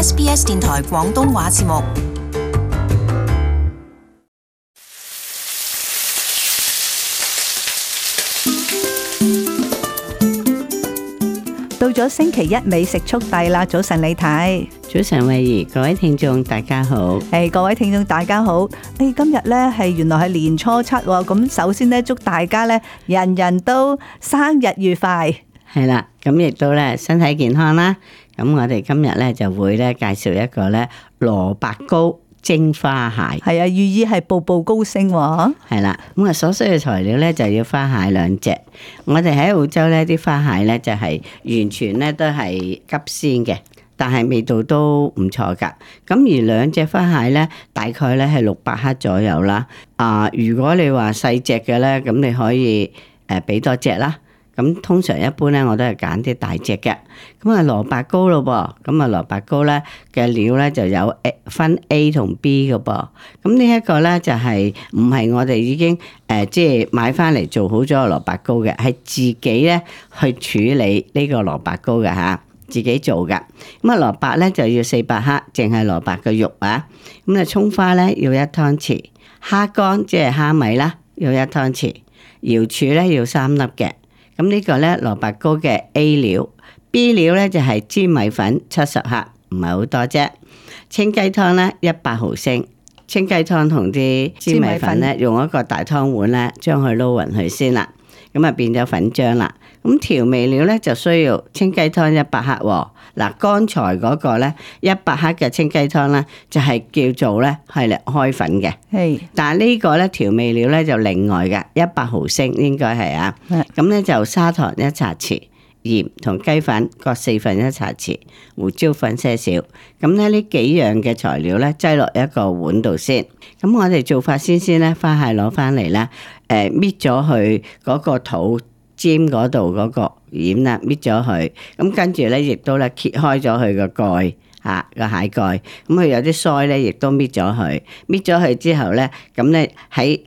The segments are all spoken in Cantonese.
SBS 電台廣東話節目。到咗星期一，美食速遞啦！早晨，你睇。早晨，惠儀，各位聽眾大家好。誒，各位聽眾大家好。誒，今日咧係原來係年初七，咁首先咧祝大家咧人人都生日愉快。係啦，咁亦都咧，身體健康啦。咁我哋今日咧就會咧介紹一個咧蘿蔔糕蒸花蟹，係啊，寓意係步步高升。係啦，咁啊，所需嘅材料咧就要花蟹兩隻。我哋喺澳洲咧啲花蟹咧就係完全咧都係急鮮嘅，但係味道都唔錯噶。咁而兩隻花蟹咧，大概咧係六百克左右啦。啊、呃，如果你話細隻嘅咧，咁你可以誒俾多隻啦。咁通常一般咧，我都係揀啲大隻嘅。咁啊，蘿蔔糕咯噃，咁啊蘿蔔糕咧嘅料咧就有誒分 A 同 B 嘅噃。咁呢一個咧就係唔係我哋已經誒即係買翻嚟做好咗蘿蔔糕嘅，係自己咧去處理呢個蘿蔔糕嘅嚇，自己做㗎。咁啊蘿蔔咧就要四百克，淨係蘿蔔嘅肉啊。咁啊，葱花咧要一湯匙，蝦乾即係蝦米啦，要一湯匙，瑤柱咧要三粒嘅。咁呢個呢蘿蔔糕嘅 A 料，B 料呢就係粘米粉七十克，唔係好多啫。清雞湯呢，一百毫升，清雞湯同啲粘米粉呢，用一個大湯碗呢，將佢撈勻佢先啦。咁啊，變咗粉漿啦。咁調味料咧就需要清雞湯一百克。嗱、啊，剛才嗰個咧一百克嘅清雞湯咧，就係、是、叫做咧係嚟開粉嘅。係 Hey.，但係呢個咧調味料咧就另外嘅，一百毫升應該係啊。咁咧 Hey. 就砂糖一茶匙。鹽同雞粉各四分一茶匙，胡椒粉些少。咁咧呢幾樣嘅材料咧，擠落一個碗度先。咁我哋做法先先咧，花蟹攞翻嚟咧，誒搣咗佢嗰個肚尖嗰度嗰個鹽啦，搣咗佢。咁跟住咧，亦都咧揭開咗佢個蓋吓個蟹蓋。咁、嗯、佢有啲腮咧，亦都搣咗佢。搣咗佢之後咧，咁咧喺誒，佢、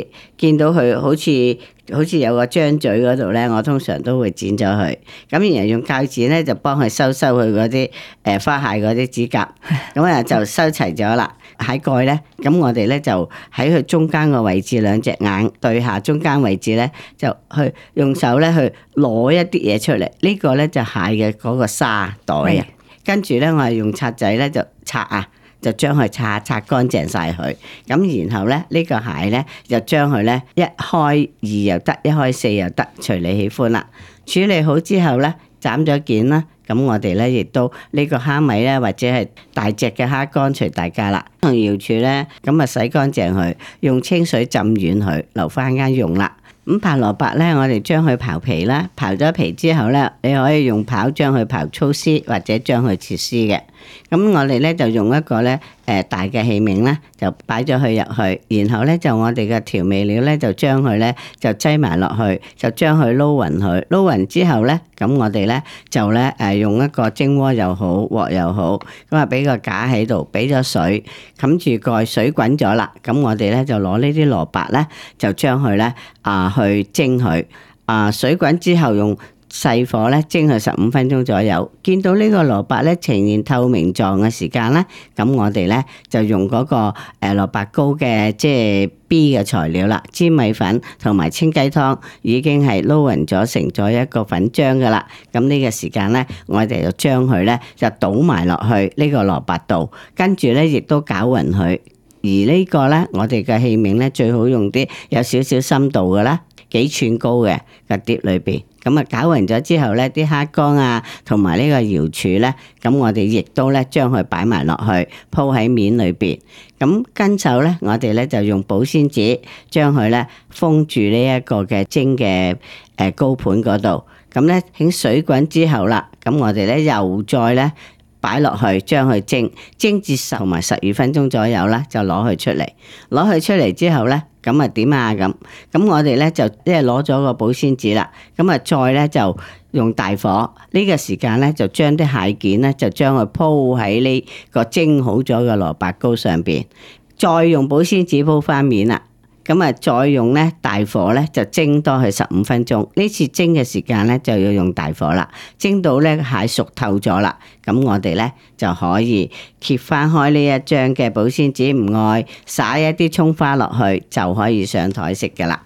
呃、見到佢好似。好似有個張嘴嗰度咧，我通常都會剪咗佢。咁然後用鉸剪咧，就幫佢收收佢嗰啲誒花蟹嗰啲指甲。咁啊就收齊咗啦，蟹蓋咧。咁我哋咧就喺佢中間個位置，兩隻眼對下中間位置咧，就去用手咧去攞一啲嘢出嚟。呢個咧就蟹嘅嗰個沙袋啊。跟住咧，我係用刷仔咧就刷啊。就將佢擦擦乾淨晒佢，咁然後咧呢、呢個蟹咧，就將佢咧一開二又得，一開四又得，隨你喜歡啦。處理好之後咧，斬咗件啦，咁我哋咧亦都呢、呢個蝦米咧，或者係大隻嘅蝦乾，隨大家啦。同瑤柱咧，咁啊洗乾淨佢，用清水浸軟佢，留翻間用啦。咁、嗯、白蘿蔔咧，我哋將佢刨皮啦，刨咗皮之後咧，你可以用刨將佢刨粗絲，或者將佢切絲嘅。咁我哋咧就用一個咧誒、呃、大嘅器皿咧，就擺咗佢入去，然後咧就我哋嘅調味料咧就將佢咧就擠埋落去，就將佢撈勻佢，撈勻之後咧，咁我哋咧就咧誒用一個蒸鍋又好，鑊又好，咁啊俾個架喺度，俾咗水，冚住蓋，水滾咗啦，咁我哋咧就攞呢啲蘿蔔咧，就將佢咧啊去蒸佢，啊水滾之後用。細火咧蒸佢十五分鐘左右，見到呢個蘿蔔咧呈現透明狀嘅時間咧，咁我哋咧就用嗰個誒蘿蔔糕嘅即係 B 嘅材料啦，粘米粉同埋清雞湯已經係撈勻咗成咗一個粉漿噶啦。咁呢個時間咧，我哋就將佢咧就倒埋落去呢個蘿蔔度，跟住咧亦都攪勻佢。而個呢個咧，我哋嘅器皿咧最好用啲有少少深度嘅啦，幾寸高嘅嘅、嗰個、碟裏邊。咁啊，攪勻咗之後咧，啲蝦乾啊，同埋呢個瑤柱咧，咁我哋亦都咧將佢擺埋落去，鋪喺面裏邊。咁跟手咧，我哋咧就用保鮮紙將佢咧封住呢一個嘅蒸嘅誒高盤嗰度。咁咧，喺水滾之後啦，咁我哋咧又再咧。擺落去，將佢蒸蒸至十埋十二分鐘左右啦，就攞佢出嚟。攞佢出嚟之後咧，咁啊點啊咁？咁我哋咧就即係攞咗個保鮮紙啦。咁啊再咧就用大火，呢個時間咧就將啲蟹件咧就將佢鋪喺呢個蒸好咗嘅蘿蔔糕上邊，再用保鮮紙鋪翻面啦。咁啊，再用咧大火咧就蒸多佢十五分鐘。呢次蒸嘅時間咧就要用大火啦，蒸到咧蟹熟透咗啦。咁我哋咧就可以揭翻開呢一張嘅保鮮紙，唔愛撒一啲蔥花落去就可以上台食噶啦。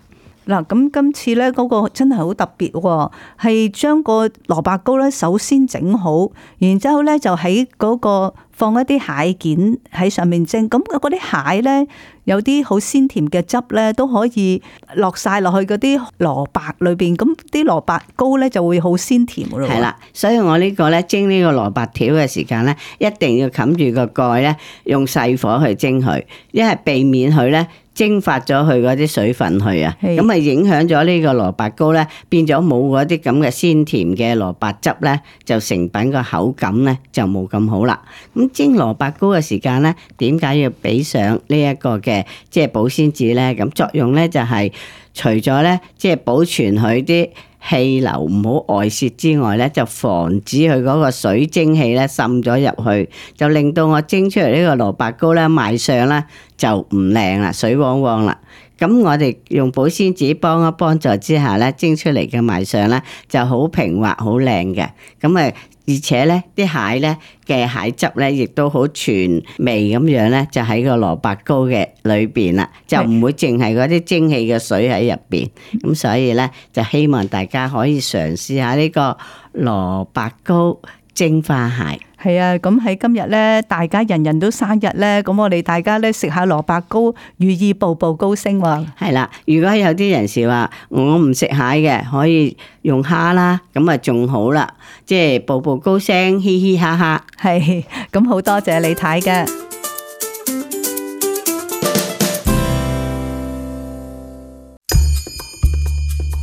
嗱，咁今次咧嗰個真係好特別喎，係將個蘿蔔糕咧首先整好，然之後咧就喺嗰個放一啲蟹件喺上面蒸，咁嗰啲蟹咧有啲好鮮甜嘅汁咧都可以落晒落去嗰啲蘿蔔裏邊，咁啲蘿蔔糕咧就會好鮮甜嘅。係啦，所以我呢個咧蒸呢個蘿蔔條嘅時間咧，一定要冚住個蓋咧，用細火去蒸佢，一係避免佢咧。蒸發咗佢嗰啲水分去啊，咁啊影響咗呢個蘿蔔糕咧，變咗冇嗰啲咁嘅鮮甜嘅蘿蔔汁咧，就成品個口感咧就冇咁好啦。咁蒸蘿蔔糕嘅時間咧，點解要俾上呢一個嘅即係保鮮紙咧？咁作用咧就係。除咗咧，即係保存佢啲氣流唔好外洩之外咧，就防止佢嗰個水蒸氣咧滲咗入去，就令到我蒸出嚟呢個蘿蔔糕咧賣相咧就唔靚啦，水汪汪啦。咁我哋用保鮮紙幫一幫助之下咧，蒸出嚟嘅賣相咧就好平滑、好靚嘅。咁誒，而且咧啲蟹咧嘅蟹汁咧，亦都好全味咁樣咧，就喺個蘿蔔糕嘅裏邊啦，就唔會淨係嗰啲蒸氣嘅水喺入邊。咁所以咧，就希望大家可以嘗試下呢個蘿蔔糕。蒸花蟹，係啊！咁喺今日呢，大家人人都生日呢，咁我哋大家呢食下蘿蔔糕，寓意步步高升喎。係啦，如果有啲人士話我唔食蟹嘅，可以用蝦啦，咁咪仲好啦，即係步步高升，嘻嘻哈哈。係，咁好多謝你睇嘅。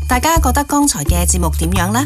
大家覺得剛才嘅節目點樣呢？